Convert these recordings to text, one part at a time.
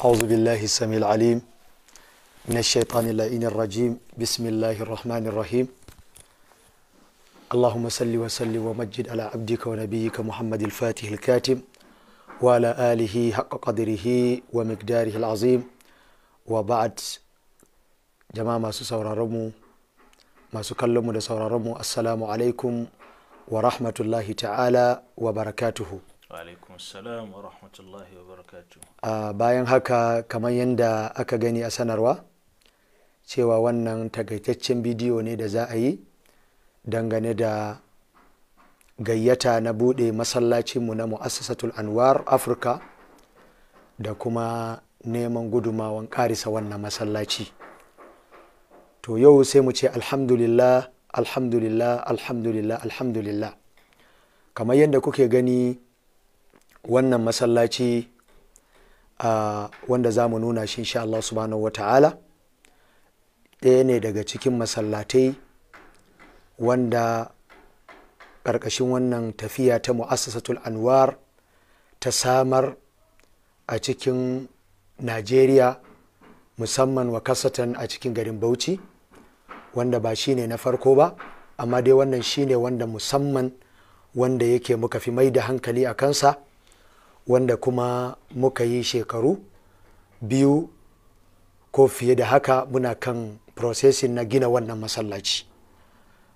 أعوذ بالله السميع العليم من الشيطان اللعين الرجيم بسم الله الرحمن الرحيم اللهم صل وسلم ومجد على عبدك ونبيك محمد الفاتح الكاتم وعلى آله حق قدره ومقداره العظيم وبعد جماعة ما سورة رمو ما سكلم سورة رمو السلام عليكم ورحمة الله تعالى وبركاته a bayan haka kamar yadda aka gani a sanarwa cewa wannan takaitaccen bidiyo ne da za a yi dangane da gayyata na buɗe masallacinmu na mu'assasatul anwar afirka da kuma neman gudumawan karisa wannan masallaci to yau sai mu ce alhamdulillah alhamdulillah alhamdulillah alhamdulillah kamar yadda kuke gani wannan masallaci uh, wanda za mu nuna shi insha Allah subhanahu wata'ala ɗaya ne daga cikin masallatai wanda ƙarƙashin wannan tafiya ta mu'assasatul anwar ta samar a cikin najeriya musamman wa kasatan a cikin garin bauchi wanda ba shi ne na farko ba amma dai wannan shi ne wanda musamman wanda yake muka fi mai da hankali a kansa wanda kuma muka yi shekaru biyu ko fiye da haka muna kan processing na gina wannan masallaci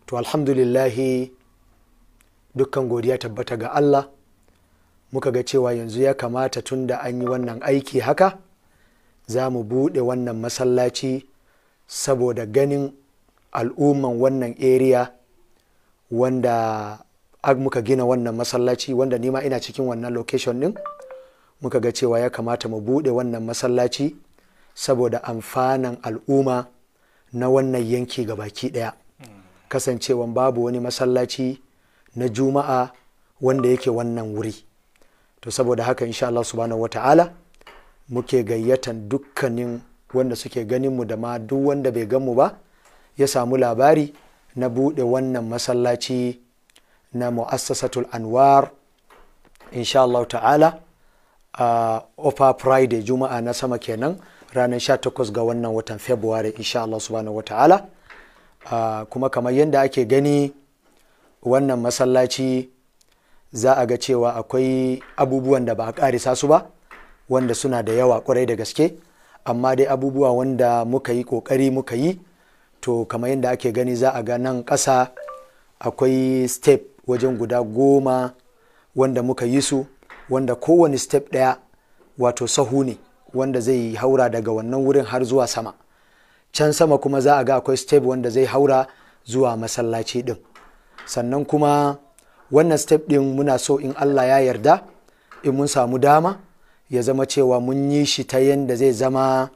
to alhamdulillahi dukkan godiya tabbata ga allah muka ga cewa yanzu ya kamata tun da an yi wannan aiki haka za mu buɗe wannan masallaci saboda ganin al'umman wannan area wanda ag muka gina wannan masallaci wanda nima ina cikin wannan location din muka ga cewa ya kamata mu buɗe wannan masallaci saboda amfanan al'umma na wannan yanki ga baki ɗaya kasancewan babu wani masallaci na juma'a wanda yake wannan wuri to saboda haka insha Allah subhanahu wata'ala muke gayyatan dukkanin wanda suke ganinmu da ma duk wanda bai ganmu ba ya samu labari na buɗe wannan masallaci na mu'assasatul anwar insha Allah ta'ala a offer friday juma'a na sama kenan ranar 18 ga wannan watan february insha Allah subhanahu wata'ala uh, kuma kamar yadda ake gani wannan masallaci za a ga cewa akwai abubuwan da ba a karisa su ba wanda suna da yawa kwarai da gaske amma dai abubuwa wanda muka yi kokari muka yi to kamar yadda ake gani za a ga nan ƙasa akwai step wajen guda goma wanda muka yi su wanda kowane step ɗaya wato sahu ne wanda zai haura daga wannan wurin har zuwa sama can sama kuma za a ga akwai step wanda zai haura zuwa masallaci ɗin sannan kuma wannan step ɗin muna so in allah ya yarda in mun samu dama ya zama cewa mun yi shi ta yadda zai zama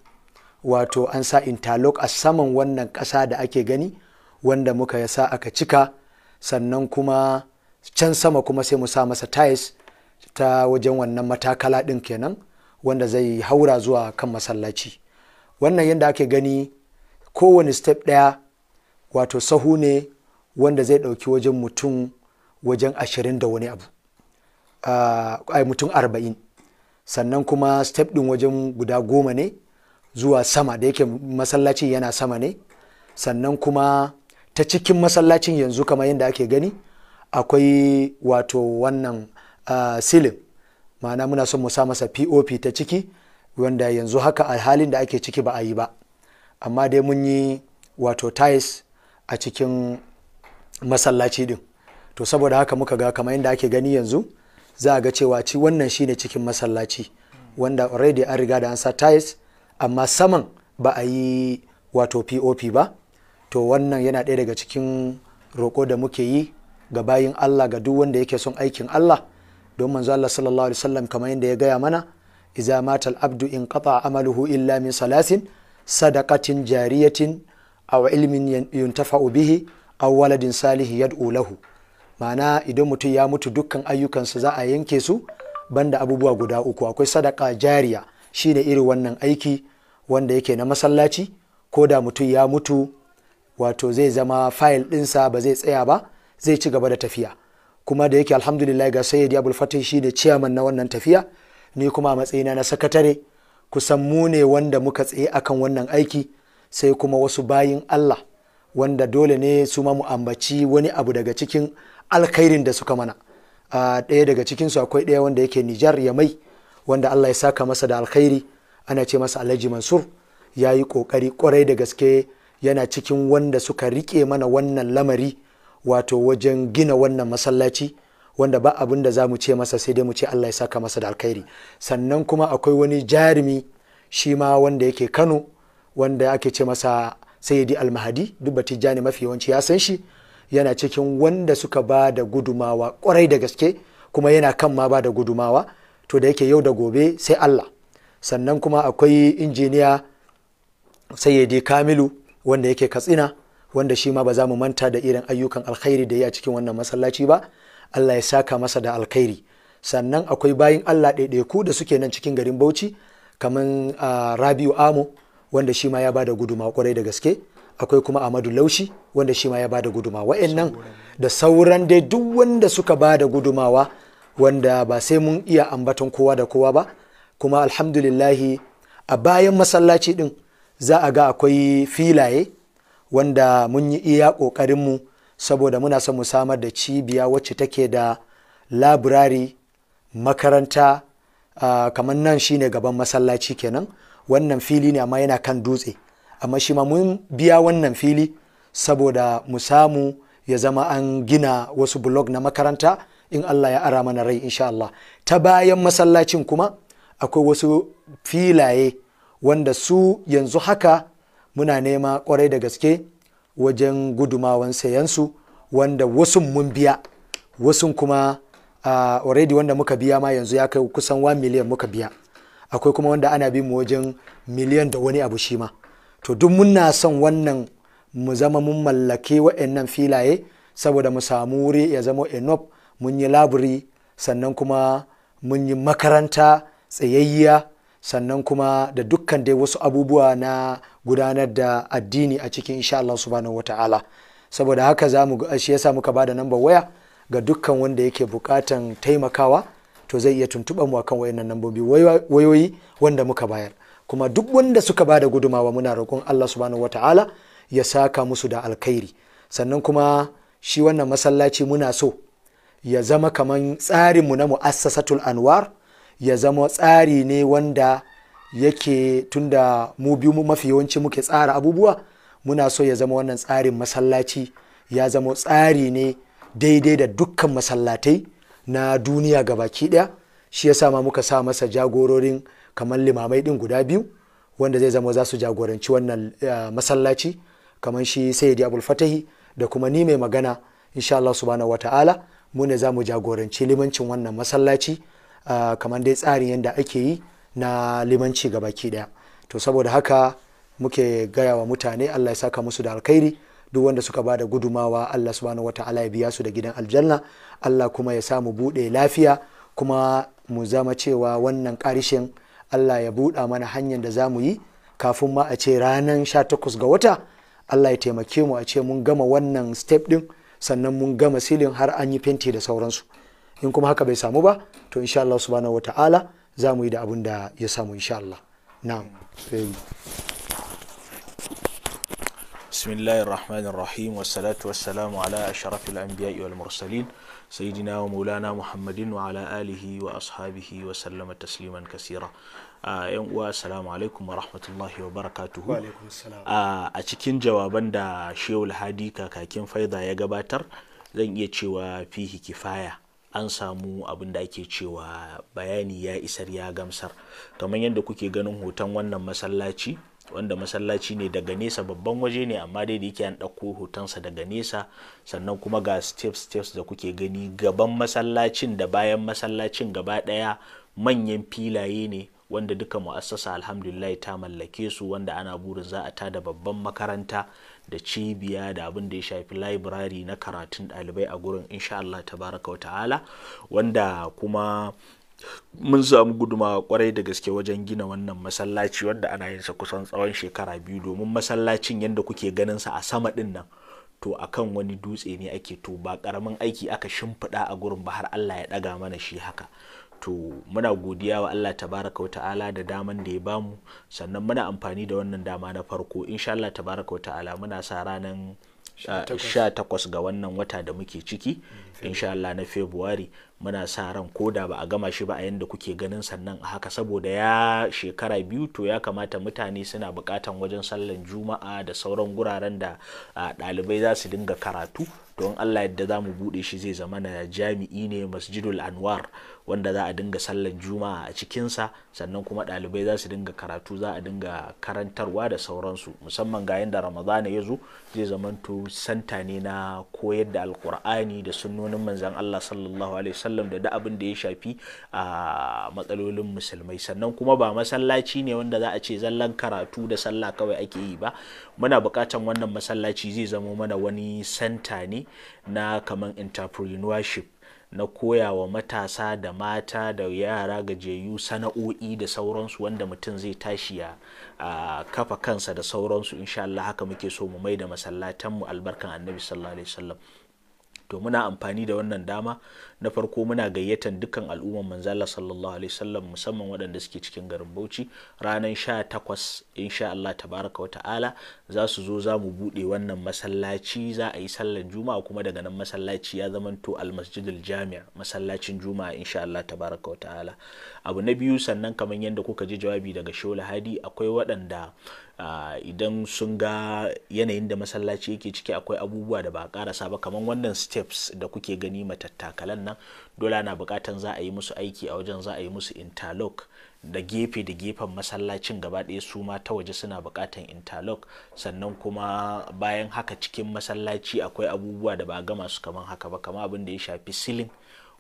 wato an sa interlock a saman wannan ƙasa da ake gani wanda muka ya sa aka cika sannan kuma can sama kuma sai mu sa masa tiles ta wajen wannan matakala ɗin kenan wanda zai haura zuwa kan masallaci wannan yadda ake gani kowane step ɗaya wato sahu ne wanda zai ɗauki wajen mutum wajen ashirin da wani abu a mutum arba'in sannan kuma step ɗin wajen guda goma ne zuwa sama da yake masallaci yana sama ne sannan kuma ta cikin masallacin yanzu kamar yadda ake gani akwai wato wannan silin ma'ana muna son mu sa masa pop ta ciki wanda yanzu haka a halin da ake ciki ba a yi ba amma dai mun yi wato tiles a cikin masallaci din to saboda haka muka ga kamar yadda ake gani yanzu za a ga cewa ci wannan shine cikin masallaci wanda already an riga da an sa tiles amma saman ba a yi wato pop ba to wannan yana ɗaya daga cikin roƙo da muke yi ga bayin Allah ga duk wanda yake son aikin Allah don manzo Allah sallallahu alaihi wasallam kamar yadda ya gaya mana idza matal abdu in qata amaluhu illa min salasin sadaqatin jariyatin aw ilmin yuntafa'u bihi aw waladin salihi yad'u lahu ma'ana idan mutum ya mutu dukkan ayyukansa za a yanke su banda abubuwa guda uku akwai sadaka jariya shine irin wannan aiki wanda yake na masallaci ko da mutum ya mutu wato zai zama fayil ɗinsa ba zai tsaya ba zai ci gaba da tafiya kuma da yake alhamdulillah ga sayyid abul fatih shi ne ciyaman na wannan tafiya ni kuma a matsayina na sakatare kusan mu ne wanda muka tsaye akan wannan aiki sai kuma wasu bayin allah wanda dole ne su ma mu ambaci wani abu daga cikin alkhairin da suka mana ɗaya daga cikin su akwai ɗaya wanda yake nijar ya mai wanda allah ya saka masa da alkhairi ana ce masa alhaji mansur ya yi ƙoƙari ƙwarai da gaske yana cikin wanda suka rike mana wannan lamari wato wajen gina wannan masallaci wanda ba abin da za mu ce masa sai dai mu ce Allah ya saka masa da alkhairi sannan kuma akwai wani jarumi shi ma wanda yake Kano wanda ake ce masa Sayyidi Almahadi duk batijani mafi yawanci ya san shi yana cikin wanda suka ba da gudumawa kwarai da gaske kuma yana kan ma ba da gudumawa to da yake yau da gobe sai Allah sannan kuma akwai injiniya Sayyidi Kamilu wanda yake katsina wanda shi ma ba za mu manta da irin ayyukan alkhairi da yi a cikin wannan masallaci ba Allah ya saka masa da alkhairi sannan akwai bayin Allah ɗaiɗaiku da suke nan cikin garin Bauchi kamar ah, Rabiu Amo wanda shi ma ya bada guduma kwarai da gaske akwai kuma Amadu Laushi wanda shi ma ya bada guduma wa'annan da sauran dai duk wanda suka bada gudumawa wanda ba sai mun iya ambaton kowa da kowa ba kuma alhamdulillahi a bayan masallaci din za a ga akwai filaye wanda mun yi iya ƙoƙarinmu saboda muna son mu samar da cibiya wacce take da labirari makaranta uh, kamar nan shine gaban masallaci kenan wannan fili ne amma yana kan dutse amma shi ma mun biya wannan fili saboda mu samu ya zama an gina wasu blog na makaranta in Allah ya ara mana rai insha Allah ta bayan masallacin kuma akwai wasu filaye wanda su yanzu haka muna nema kwarai da gaske wajen gudumawan sayansu wanda wasu mun biya wasu kuma already wanda muka biya ma yanzu ya kai kusan 1 miliyan muka biya akwai kuma wanda ana bi mu wajen miliyan da wani abu shi ma to duk muna son wannan mu zama mun mallake wa'annan filaye saboda mu samu wuri ya zama enough mun yi laburi sannan kuma mun yi makaranta tsayayya sannan kuma da dukkan dai wasu abubuwa na gudanar da addini a cikin insha Allah subhanahu wata'ala saboda haka za mu shi yasa muka bada namba waya ga dukkan wanda yake bukatan taimakawa to zai iya tuntuɓa mu akan wayannan nambobi wayoyi wanda muka bayar kuma duk wanda suka bada gudumawa muna roƙon Allah subhanahu wata'ala ya saka musu da alkhairi sannan kuma shi wannan masallaci muna so ya zama kaman tsarinmu na mu'assasatul anwar ya zama tsari ne wanda yake tunda mu biyu mafi yawanci muke tsara abubuwa muna so ya zama wannan tsarin masallaci ya zama tsari ne daidai da dukkan masallatai na duniya ga baki ɗaya shi ya sama muka sa masa jagororin kamar limamai ɗin guda biyu wanda zai zama za su jagoranci wannan eh, masallaci kamar shi sayyidi abul fatahi da kuma ni mai magana insha Allah subhanahu wata'ala mu ne za mu jagoranci limancin wannan masallaci kamar dai tsarin yadda ake yi na limanci ga baki daya to saboda haka muke gaya wa mutane Allah ya saka musu da alkhairi duk wanda suka bada gudumawa Allah subhanahu wata'ala ya biya su da gidan aljanna Allah kuma ya samu bude lafiya kuma mu zama cewa wannan karishin Allah ya buɗa mana hanyar da zamu yi kafin ma a ce ranar takwas ga wata Allah ya taimake mu a ce mun gama wannan step din sannan mun gama silin har an yi fenti da sauransu in kuma haka bai samu ba to insha Allah subhanahu wa ta'ala za mu yi da abun da ya samu insha Allah na'am sai bismillahir rahmanir rahim wa salatu wa ala asharafil anbiya wal mursalin sayidina wa mulana muhammadin wa ala alihi wa ashabihi wa tasliman kaseera ah, yan uwa assalamu alaikum wa rahmatullahi wa barakatuh ah, a cikin jawaban da shehu alhadi kakakin faida ya gabatar zan iya cewa fihi kifaya an samu abin da ake cewa bayani ya isar ya gamsar kamar yadda kuke ganin hoton wannan masallaci wanda masallaci ne daga nesa babban waje ne amma dai da yake an ɗauko hotonsa daga nesa sannan kuma ga steps steps da kuke gani gaban masallacin da bayan masallacin gaba ɗaya manyan filaye ne wanda duka mu'assasa alhamdulillah ta mallake su wanda ana burin za a tada babban makaranta da cibiya da abin da ya shafi library na karatun dalibai a gurin insha Allah tabaraka wa ta'ala wanda kuma mun samu guduma kwarai da gaske wajen gina wannan masallaci wanda ana yin sa kusan tsawon shekara biyu domin masallacin yadda kuke ganin sa a sama din nan to akan wani dutse ne ake to ba karamin aiki aka shimfiɗa a gurin ba har Allah ya ɗaga mana shi haka to muna godiya wa Allah tabaraka wa ta'ala da daman da ya bamu sannan muna amfani da wannan dama na farko insha Allah tabaraka wa ta'ala muna sa ranar 18 ah, ga wannan wata da muke ciki insha Allah na February muna sa ran ko da ba a gama shi ba a yanda kuke ganin sannan a haka saboda ya shekara biyu to ya kamata mutane suna bukatan wajen sallan juma'a da sauran guraren da ah, ɗalibai za su dinga karatu don Allah yadda za mu buɗe shi zai zama na jami'i ne masjidul anwar wanda za a dinga sallar juma'a a cikinsa sannan kuma ɗalibai za su dinga karatu za a dinga karantarwa da sauransu musamman ga yadda ramadana ya zo zai zamanto santa ne na koyar da alkur'ani da sunnonin manzan allah sallallahu alaihi wasallam da da abin da ya shafi a matsalolin musulmai sannan kuma ba masallaci ne wanda za a ce zallan karatu da sallah kawai ake yi ba muna bukatan wannan masallaci zai zamo mana wani santa ne na kamar entrepreneurship na koya wa matasa da mata da yara gajiyayyu sana'o'i da sauransu wanda mutum zai tashi ya kafa kansa da sauransu insha Allah haka muke so mu mai da masallatanmu albarkan annabi sallallahu alaihi wasallam to muna amfani da wannan dama na farko muna gayyatan dukkan al'umman manzala sallallahu alaihi wasallam musamman waɗanda suke cikin garin Bauchi ranar 18 insha Allah tabaraka wa ta'ala za su zo za mu buɗe wannan masallaci za a yi sallan juma'a kuma daga nan masallaci ya zama zamanto almasjidul jami'a masallacin juma'a insha Allah tabaraka wa ta'ala abu na biyu sannan kamar yadda kuka ji jawabi daga Shola Hadi akwai waɗanda Uh, idan sun ga yanayin da masallaci yake ciki akwai abubuwa da ba a karasa ba kamar wannan steps da kuke gani matattakalan nan dole ana bukatan za a yi musu aiki a wajen za a yi musu interlock da gefe da gefen masallacin gaba ɗaya su ma ta waje suna bukatan interlock sannan kuma bayan haka cikin masallaci akwai abubuwa da ba gama su kamar haka ba kama abin da ya shafi silin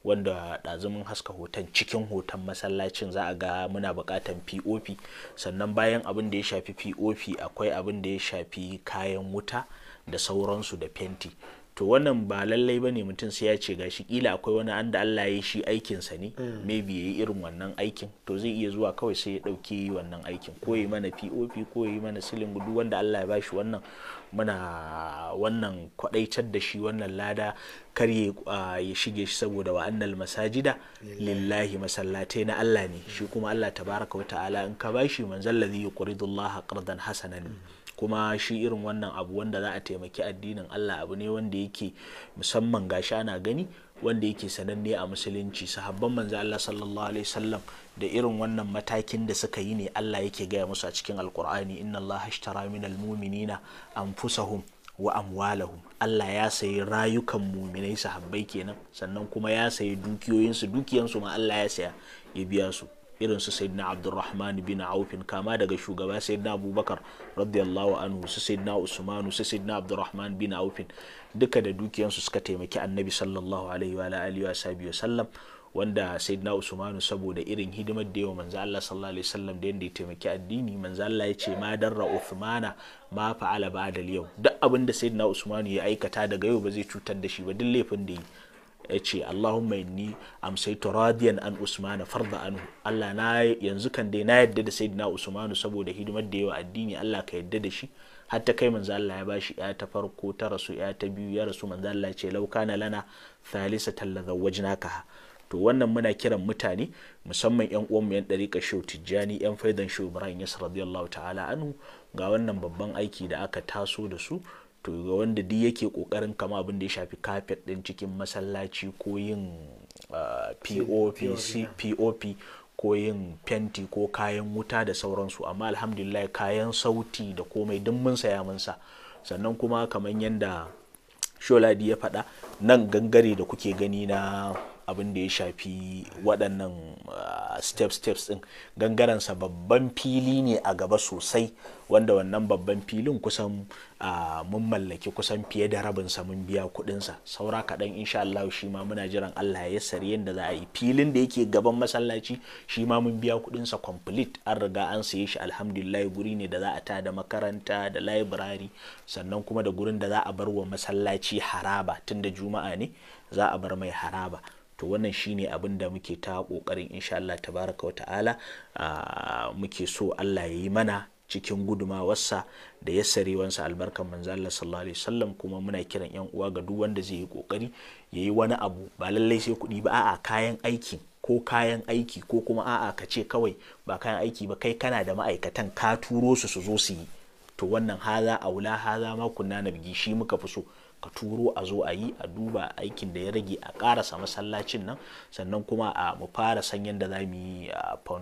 wanda ɗazumin haska hoton cikin hoton masallacin za a ga muna bukatan pop sannan bayan abin da ya shafi pop akwai abin da ya shafi kayan wuta da sauransu da fenti to wannan ba lallai bane mutum sai ya ce gashi kila akwai wani an da Allah ya shi aikin sa ne mm. maybe yayi irin wannan aikin to zai iya zuwa kawai sai ya dauke wannan aikin ko yi mana POP ko yi mana silin duk wanda Allah ya bashi wannan muna wannan kwadaitar da shi wannan lada kar ya shige shi saboda wa masajida lillahi masallatai na Allah ne shi kuma Allah tabaraka wa ta'ala in ka bashi manzal ladhi yuqridullaha qardan hasanan mm. kuma shi irin wannan abu wanda za a taimaki addinin Allah abu ne wanda yake musamman gashi ana gani wanda yake sananne a musulunci sahabban manzo Allah sallallahu alaihi wasallam da irin wannan matakin da suka yi ne Allah yake gaya musu a cikin alkur'ani inna Allah ashtara minal mu'minina anfusahum wa amwalahum Allah ya sayi rayukan muminai sahabbai kenan sannan kuma ya sayi dukiyoyinsu dukiyansu ma Allah ya saya ya biya su irin su sayyidina abdurrahman bin aufin kama daga shugaba sayyidina abubakar radiyallahu anhu su sayyidina usmanu su sayyidina abdurrahman bin aufin duka da dukiyansu suka taimaki annabi sallallahu alaihi wa alihi wa sahbihi sallam wanda sayyidina usmanu saboda irin hidimar da yawa manzo Allah sallallahu alaihi wasallam da yanda ya taimaki addini manzo Allah ya ce ma darra usmana ma fa'ala ba'da yau duk abin da sayyidina usmanu ya aikata daga yau ba zai cutar da shi ba duk laifin da yi ya ce Allahumma inni amsaitu radiyan an usmana farda anhu Allah na yanzu kan dai na yadda da sayyidina usmanu saboda hidimar da yawa addini Allah ka yadda da shi har ta kai manzo Allah ya bashi ya ta farko ta rasu ya ta biyu ya rasu manzo Allah ya ce lau kana lana thalisa la zawwajnaka to wannan muna kiran mutane musamman yan uwan mu yan dariƙa shehu tijjani yan faidan shehu ibrahim yas radiyallahu ta'ala anhu ga wannan babban aiki da aka taso da su to ga wanda duk yake kokarin kama abin da ya shafi kafet din cikin masallaci ko yin pop ah, ko yin fenti ko kayan wuta da sauransu amma alhamdulillah kayan sauti da komai duk mun saya mun sa sannan kuma kamar yadda sholadi ya faɗa nan gangare da kuke gani na abin da ya shafi waɗannan steps-steps ah, ɗin gangaransa babban fili ne a gaba sosai wanda wannan babban filin kusan ah, mun mallaki kusan fiye da rabinsa mun biya kuɗinsa saura kaɗan insha Allah shi ma muna jiran Allah ya yassari yadda za a yi filin da yake gaban masallaci shi ma mun biya kuɗinsa complete an riga an saye shi alhamdulillah guri ne da za a da makaranta da library sannan kuma da gurin da za a bar wa masallaci haraba tun da juma'a ne za a bar mai haraba to wannan shine abin da muke ta kokarin insha Allah tabaraka wa ta'ala muke so Allah ya yi mana cikin gudumawarsa da yassarewansa albarkan manzo Allah sallallahu alaihi wasallam kuma muna kiran yan uwa ga duk wanda zai yi kokari ya yi wani abu ba lallai sai kuɗi ba a'a kayan aiki ko kayan aiki ko kuma a'a ka ce kawai ba kayan aiki ba kai kana da ma'aikatan ka turo su su zo su yi to wannan haza aula haza ma kunna nabgi shi muka fi so ka turo a zo a yi a duba aikin da ya rage a karasa masallacin nan sannan kuma a mu fara san da za mu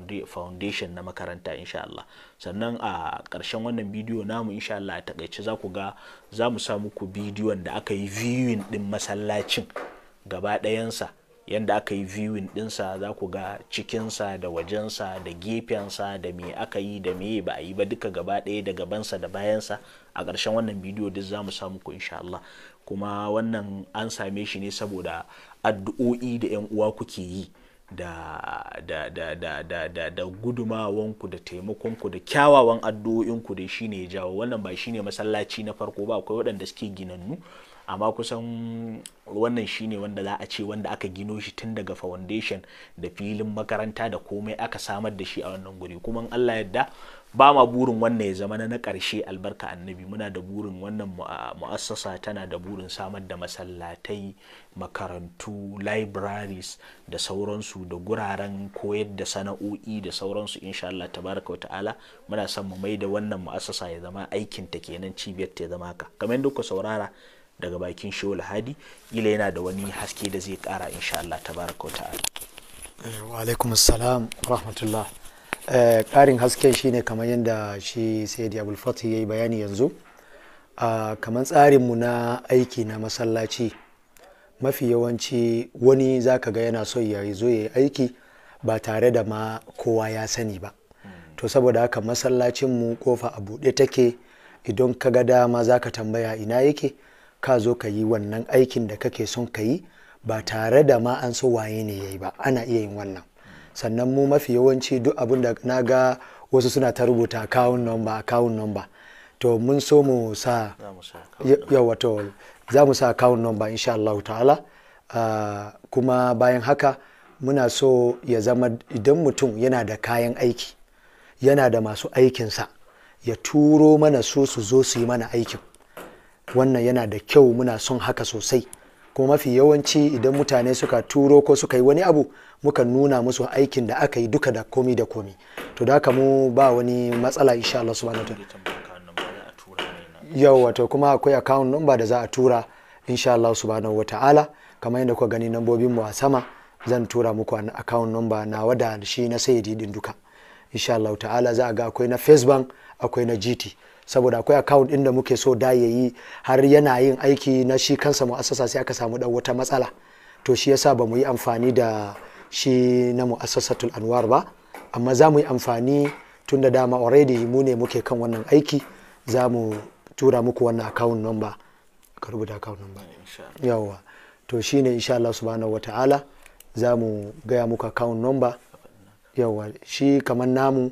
yi foundation na makaranta insha Allah sannan a ƙarshen wannan bidiyo namu insha Allah a takaice za ku ga za mu sa ku bidiyon da aka yi viewing din masallacin gaba ɗayansa yadda aka yi viewing dinsa za ku ga cikinsa da wajensa da gefensa da me aka yi da me ba a yi ba duka gaba ɗaya da gabansa da bayansa a karshen wannan bidiyo duk za mu samu ku insha Allah kuma wannan an same shi ne saboda addu'o'i da 'yan uwa kuke yi da da da da da da da gudumawanku da taimakonku da kyawawan addu'o'inku da shine ya jawo wannan ba shine masallaci na farko ba akwai waɗanda suke ginannu amma kusan wannan shine wanda za a ce wanda aka gino shi tun daga foundation da filin makaranta da komai aka samar da shi a wannan guri kuma Allah yadda ba ma burin wannan ya zama na karshe albarka annabi muna da burin wannan ah, mu'assasa tana da burin samar da masallatai makarantu libraries da sauransu da guraren koyar da sana'o'i da sauransu insha Allah tabaraka wa ta'ala muna son mu mai da wannan mu'assasa ya zama aikin ta kenan cibiyar ta ya zama ka kamar yadda ku saurara daga bakin shehu hadi ila yana da wani haske da zai kara insha Allah tabaraka ta'ala eh, wa alaikum assalam rahmatullah karin eh, hasken shine kamar yadda shi sayyidi abul fatih yayi bayani yanzu ah, kamar tsarin mu na aiki na masallaci mafi yawanci wani zaka ga yana so ya zo ya aiki ba tare da ma kowa ya sani ba to saboda haka masallacin mu kofa a buɗe take idan ka ga dama zaka tambaya ina yake ka zo ka yi wannan aikin da kake son ka yi ba tare da ma an so waye ne ya yi ba ana iya yin wannan sannan mu mafi yawanci duk abin da na ga wasu suna ta rubuta kawun number kawun number to mun so mu sa yawa to za mu sa kawun number insha Allah ta'ala ah, kuma bayan haka muna so ya zama idan mutum yana da kayan aiki yana da masu aikinsa ya turo mana su su zo su yi mana aikin wannan yana da kyau muna son haka sosai kuma mafi yawanci idan mutane suka turo ko suka yi wani abu muka nuna musu aikin da aka yi duka da komi da komi to da haka mu ba wani matsala insha Allah subhanahu wa ta'ala wato kuma akwai account number da za a tura insha Allah subhanahu wa kamar yadda kuka gani nambobin mu a sama zan tura muku account number na wada shi na sayyidi din duka insha Allah ta'ala za a ga akwai na Facebook akwai na GT saboda akwai account inda muke so da yayi har yana yin aiki na shi kansa mu'assasa sai aka samu dan wata matsala to shi yasa ba mu yi amfani da shi na mu'assasatul anwar ba amma za mu yi amfani tun da dama already mu ne muke kan wannan aiki za mu tura muku wannan account number ka rubuta account number yawa to shine insha Allah subhanahu wata'ala za mu gaya muku account number yawa shi kamar namu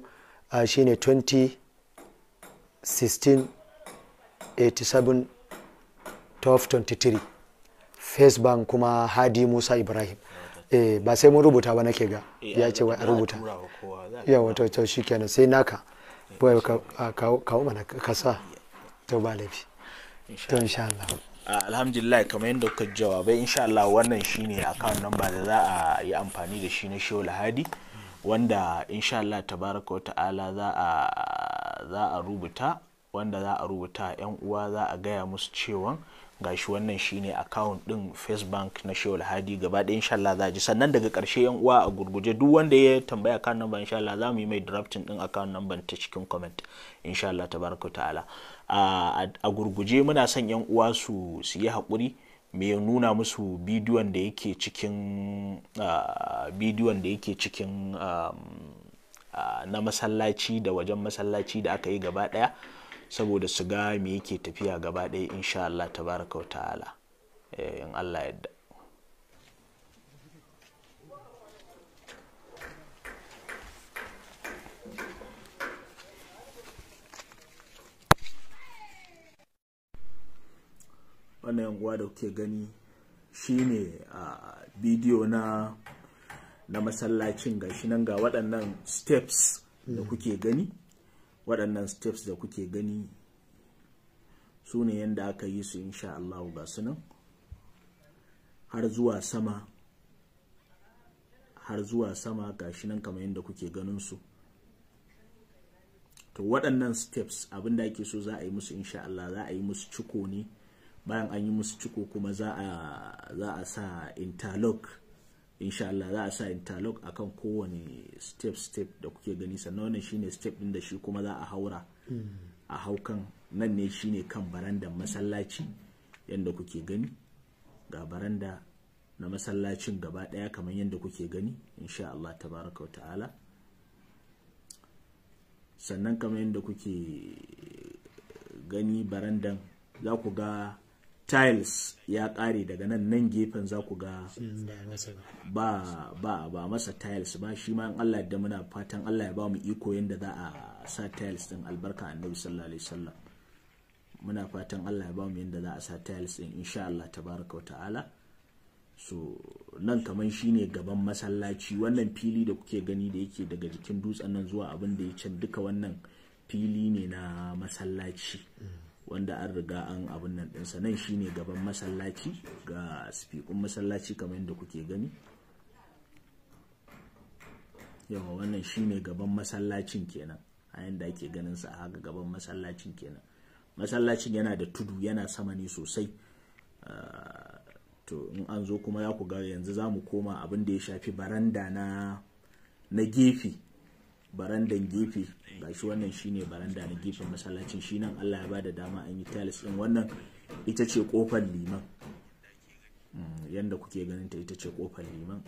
ah, shi shine 20 1687 1223 facebook kuma hadi musa ibrahim eh ba sai mun rubuta ba nake ga eh, ya ce wai a rubuta ya wato to kenan sai naka eh, boye kawo mana kasa to ba laifi to insha Allah alhamdulillah kamar yadda kuka jawabai insha Allah wannan shine account number da za a yi amfani da shi na Shehu Lahadi wanda insha Allah tabaraka wa ta'ala za a rubuta wanda za a rubuta yan uwa za a gaya musu cewa gashi wannan shine account din face bank na shehu alhadi gaba ɗaya insha Allah za ji sannan daga ƙarshe yan uwa a gurguje duk wanda ya tambaya account number insha Allah za mu yi mai drafting din account number ta cikin comment insha Allah tabaraka ta'ala a gurguje muna son yan uwa su su yi haƙuri me ya nuna musu bidiyon da yake cikin ah, bidiyon da yake cikin um, ah, na masallaci da wajen masallaci da aka yi gaba daya saboda su ga me yake tafiya gaba daya insha Allah tabaraka wa ta'ala eh, in Allah yadda wannan yanguwa da kuke gani shine a bidiyo na na masallacin gashi nan ga waɗannan steps da hmm. kuke gani waɗannan steps da kuke gani su ne yadda aka yi su insha Allah ga su nan har zuwa sama har zuwa sama gashi nan kamar yadda kuke ganin su to waɗannan steps abinda ake so za a yi musu insha Allah za a yi musu ciko ne bayan an yi musu ciko kuma za a sa interlock insha Allah za a sa interlock akan kowane step step da kuke gani sannan wannan shine step din da shi kuma za a haura a haukan nan ne shine kan barandan masallaci yadda kuke gani ga baranda na masallacin gaba daya kamar yadda kuke gani insha Allah tabaraka wa ta'ala sannan kamar yadda kuke gani barandan za ku ga tiles ya ƙare daga nan nan gefen za ku ga ba ba masa tiles ba shi ma in Allah da muna fatan Allah ya ba mu iko yadda za a sa tiles din albarka annabi sallallahu alaihi wasallam muna fatan Allah ya ba mu yadda za a sa tiles din insha Allah tabaraka ta'ala so nan kaman shine gaban masallaci wannan fili da kuke gani da yake daga jikin dutsen nan zuwa abin da ya can duka wannan fili ne na masallaci wanda an riga an abin nan ɗinsa nan shine gaban masallaci ga sifikun masallaci kamar yadda kuke gani yawa wannan shine gaban masallacin kenan a yadda ake ganin sa haka gaban masallacin kenan masallacin yana da tudu yana sama ne sosai ah, to in an zo kuma ya ku ga yanzu za mu koma abin da ya shafi baranda na na gefe barandan gefe shi wannan shine baranda na gefen masallacin shi nan Allah ya bada dama an yi tiles din wannan ita ce kofar liman mm, yanda kuke ganin ta ita ce kofar liman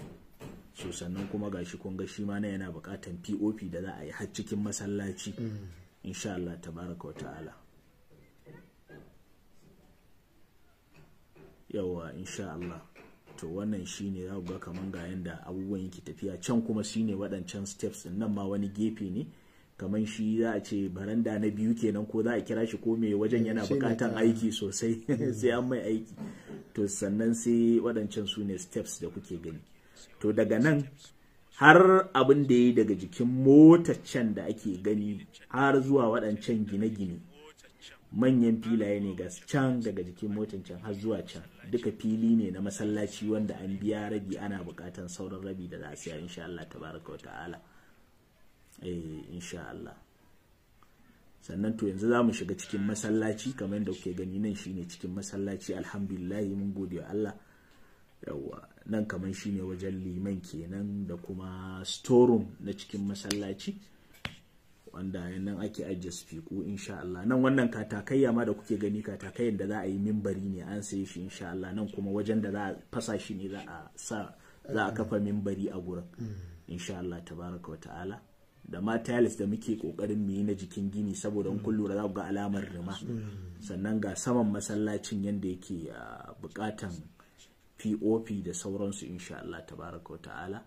so sannan kuma gashi kun ga shi ma na yana bukatan POP da za a yi har cikin masallaci mm. insha Allah tabaraka wata ta'ala yawa insha Allah to wannan shine za ga kaman ga yanda abubuwan yake tafiya can kuma shine waɗancan steps din nan ma wani gefe ne kaman shi za a ce baranda na biyu kenan ko za a kira shi ko me wajen eh, yana bukatan aiki sosai hmm. sai an mai aiki to sannan sai waɗancan su ne steps da kuke gani to daga nan har abin da ya yi daga jikin can da ake gani har zuwa waɗancan gine-gine manyan filaye ne ga can daga jikin motan can har zuwa can duka fili ne na masallaci wanda an biya rabi ana bukatan sauran rabi da za su yi. insha Allah tabaraka wa ta'ala eh insha Allah sannan to yanzu za mu shiga cikin masallaci kamar yadda kuke gani nan shine cikin masallaci alhamdulillah mun gode wa Allah yawa nan kamar shine wajen liman kenan da kuma storeroom na cikin masallaci wanda nan ake ajiye sifiku insha Allah nan wannan katakayya ma da kuke gani katakai da za a yi mimbari ne an sai shi insha Allah nan kuma wajen da za a fasa shi ne za a sa za a kafa mimbari a gurin mm. insha Allah tabaraka wa ta'ala da ma tiles da muke kokarin mu yi na jikin gini saboda kun mm. lura za ku ga alamar rima mm. sannan ga saman masallacin yanda yake bukatan POP da sauransu insha Allah tabaraka wa ta'ala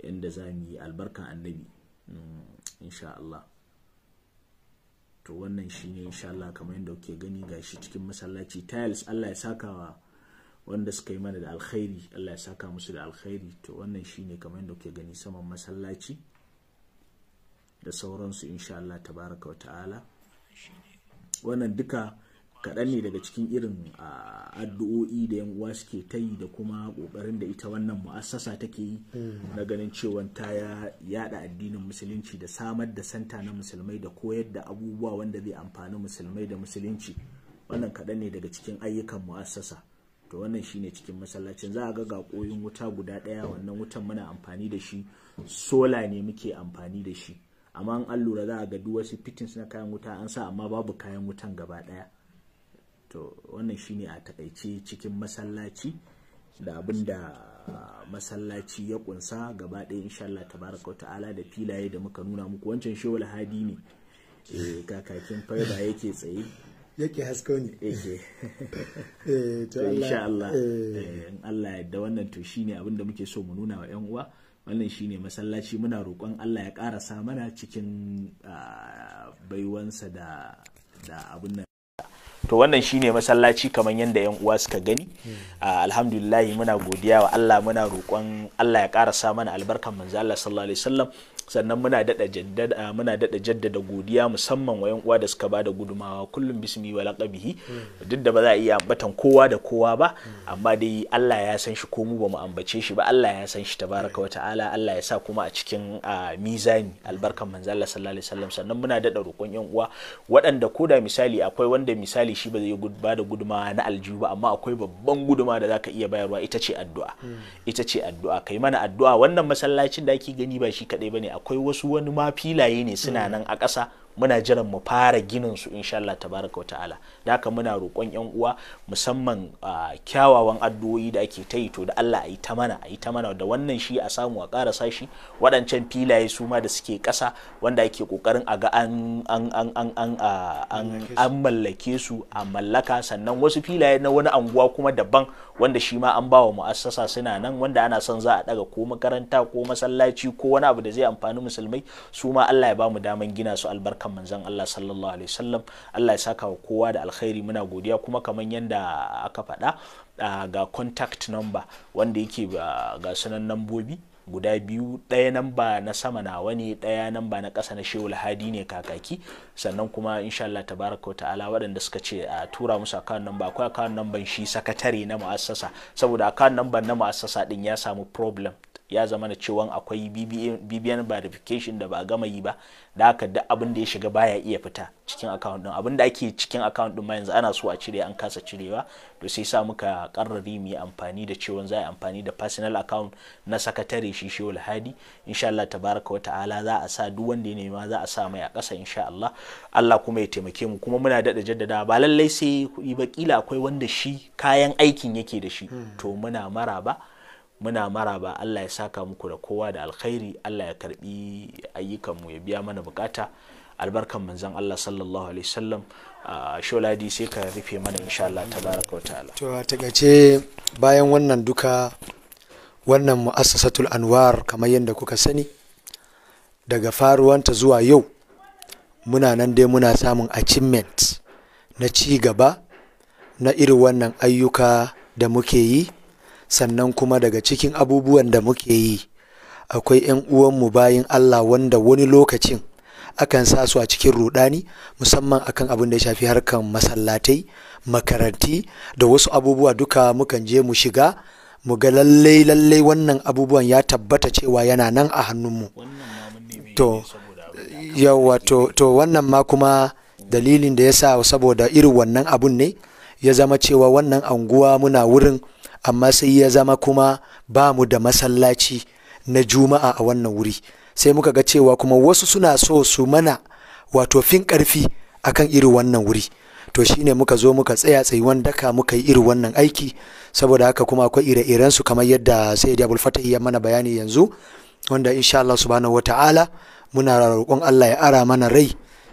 inda za mu yi albarkan annabi insha Allah to wannan shi insha Allah kamar yadda kuke gani gashi cikin masallaci tiles Allah ya saka wa wanda suka yi mana da alkhairi Allah ya saka musu da alkhairi to wannan shine kamar yadda kuke gani saman masallaci da sauransu insha Allah tabaraka wa ta'ala wannan duka kaɗan ne daga cikin irin addu'o'i da yan uwa suke ta yi da kuma ƙoƙarin da ita wannan mu'assasa take yi hmm. na ganin cewa ta yada addinin musulunci da samar da santa na musulmai da koyar da abubuwa wanda zai amfani musulmai da musulunci wannan kaɗan ne daga cikin ayyukan mu'assasa to wannan shine cikin masallacin za a ga ga koyin wuta guda ɗaya wannan wutan muna amfani da shi sola ne muke amfani da shi amma an lura za a ga duk wasu fitins na kayan wuta an sa amma babu kayan wutan gaba ɗaya to wannan shine a takaice cikin masallaci da abin masallaci ya kunsa gaba ɗaya insha Allah tabaraka ta'ala da filaye da muka nuna muku wancan wal hadi ne eh, kakakin faiba yake tsaye yake hasko ne yake eh, eh, to insha Allah in Allah da wannan to shine abin da muke so mu nuna wa yan uwa wannan shine masallaci muna roƙon Allah ya ƙarasa mana cikin ah, baiwansa da da abin nan to wannan shine masallaci kamar yadda yan uwa suka gani hmm. ah, alhamdulillah muna godiya wa Allah muna roƙon Allah ya ƙara sa mana albarkan manzo Allah sallallahu alaihi wasallam sannan muna dada jaddada muna dada jaddada godiya musamman wa yan uwa da suka bada gudumawa kullum bismi wa laqabihi hmm. duk da ba za a iya ambatan kowa da kowa ba amma dai Allah ya san shi ko mu ba mu ambace shi ba Allah ya san shi tabaraka wataala Allah ya sa kuma a cikin mizani albarkan manzo Allah sallallahu alaihi wasallam sannan muna daɗa roƙon yan uwa waɗanda ko da misali akwai wanda misali shi ba zai bada gudumawa na aljihu ba amma akwai babban guduma da zaka iya bayarwa ita ce addu'a hmm. ita ce addu'a kai mana addu'a wannan masallacin da ake gani ba shi kadai bane akwai wasu wani ma filaye ne suna mm. nan a ƙasa muna jiran mu fara ginin su insha Allah tabaraka wa ta'ala da haka muna roƙon yan uwa musamman kyawawan addu'o'i da ake ta yi to da Allah ayi ta mana ayi ta mana da wannan shi a samu a ƙara sashi waɗancan filaye su ma da suke ƙasa wanda ake ƙoƙarin a ga an mallake su a mallaka sannan wasu filaye na wani anguwa kuma daban wanda shi ma an ba wa mu'assasa suna nan wanda ana son za a daga ko makaranta ko masallaci ko wani abu da zai amfani musulmai su ma Allah ya ba mu daman gina su albarka. kan manzon Allah sallallahu alaihi wasallam Allah ya saka wa kowa da alkhairi muna godiya kuma kamar yadda aka faɗa ga contact number wanda yake ga sunan nambobi guda biyu ɗaya namba na sama na wani ɗaya namba na ƙasa na shehul hadi ne kakaki sannan kuma insha Allah tabaraka ta'ala waɗanda suka ce a tura musu akawun namba akwai akawun namban shi sakatare na mu'assasa saboda akawun namban na mu'assasa din ya samu problem ya zama na cewa akwai bbn verification da ba a gama yi ba da haka da abin da ya shiga baya iya fita cikin account din abin da ake cikin account din ma yanzu ana so a cire an kasa cirewa to sai sa muka karrari mu yi amfani da cewa za a amfani da personal account na sakatare shi shehu hadi insha Allah tabaraka wa ta'ala za a sa duk wanda ya nema za a sa mai a ƙasa insha Allah Allah kuma ya taimake mu kuma muna daɗe jaddada ba lallai sai kuɗi ba kila akwai wanda shi kayan aikin yake da shi hmm. to muna maraba ba muna mara ba Allah ya saka muku da kowa da alkhairi Allah ya karbi ayyukanmu ya biya mana bukata albarkan manzon Allah sallallahu alaihi wasallam sholadi sai ka rufe mana insha Allah tabaraka wa ta'ala to a takaice bayan wannan duka wannan mu'assasatul anwar kamar yadda kuka sani daga faruwanta zuwa yau muna nan dai muna samun achievement na ci gaba na irin wannan ayyuka da muke yi sannan kuma daga cikin abubuwan da muke yi akwai 'yan uwanmu bayan Allah wanda wani lokacin akan sa su a cikin rudani musamman akan abin da ya shafi harkan masallatai makaranti da wasu abubuwa duka mukan je mu shiga mu ga lallai lallai wannan abubuwan ya tabbata cewa yana nan a hannunmu to yawa to, to wannan ma kuma dalilin da ya sa saboda irin wannan abun ne ya zama cewa wannan anguwa muna wurin amma sai ya zama kuma ba mu da masallaci na juma'a a wannan wuri sai muka ga cewa kuma wasu suna so su mana wato fin ƙarfi akan irin wannan wuri to shine muka zo muka tsaya tsayi wanda ka muka yi irin wannan aiki saboda haka kuma akwai ire-iren su kamar yadda sai da fatahi ya mana bayani yanzu wanda insha Allah subhanahu wata'ala muna roƙon Allah ya ara mana rai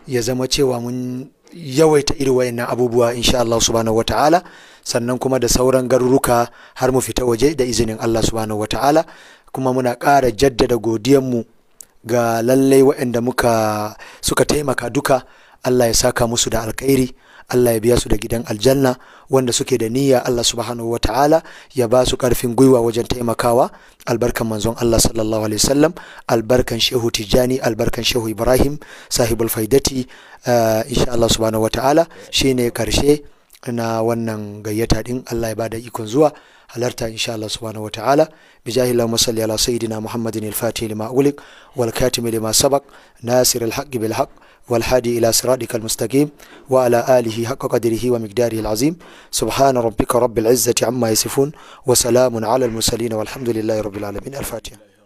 ya zama cewa mun yawaita irin wayannan abubuwa insha Allah subhanahu wata'ala sannan kuma da sauran garuruka har mu fita waje da izinin Allah subhanahu wata'ala kuma muna ƙara jaddada godiyanmu ga lallai waɗanda muka suka taimaka duka Allah ya saka musu da alkhairi Allah ya biya su da gidan aljanna wanda suke da niyya Allah subhanahu wa ta'ala ya ba su karfin gwiwa wajen taimakawa albarkan manzon Allah sallallahu alaihi wasallam albarkan shehu tijani albarkan shehu ibrahim sahibul faidati ah, insha Allah subhanahu wa ta'ala shine karshe na wannan gayyata din Allah ya bada ikon zuwa halarta insha Allah subhanahu wa ta'ala bi la masalli ala sayyidina Muhammadin al-Fatih lima ulik wal katim lima sabaq nasir al-haqq bil haqq wal hadi ila siratikal mustaqim wa ala alihi haqqa qadrihi wa miqdarihi al-azim subhana rabbika rabbil izzati amma yasifun wa salamun ala al-mursalin walhamdulillahi rabbil alamin al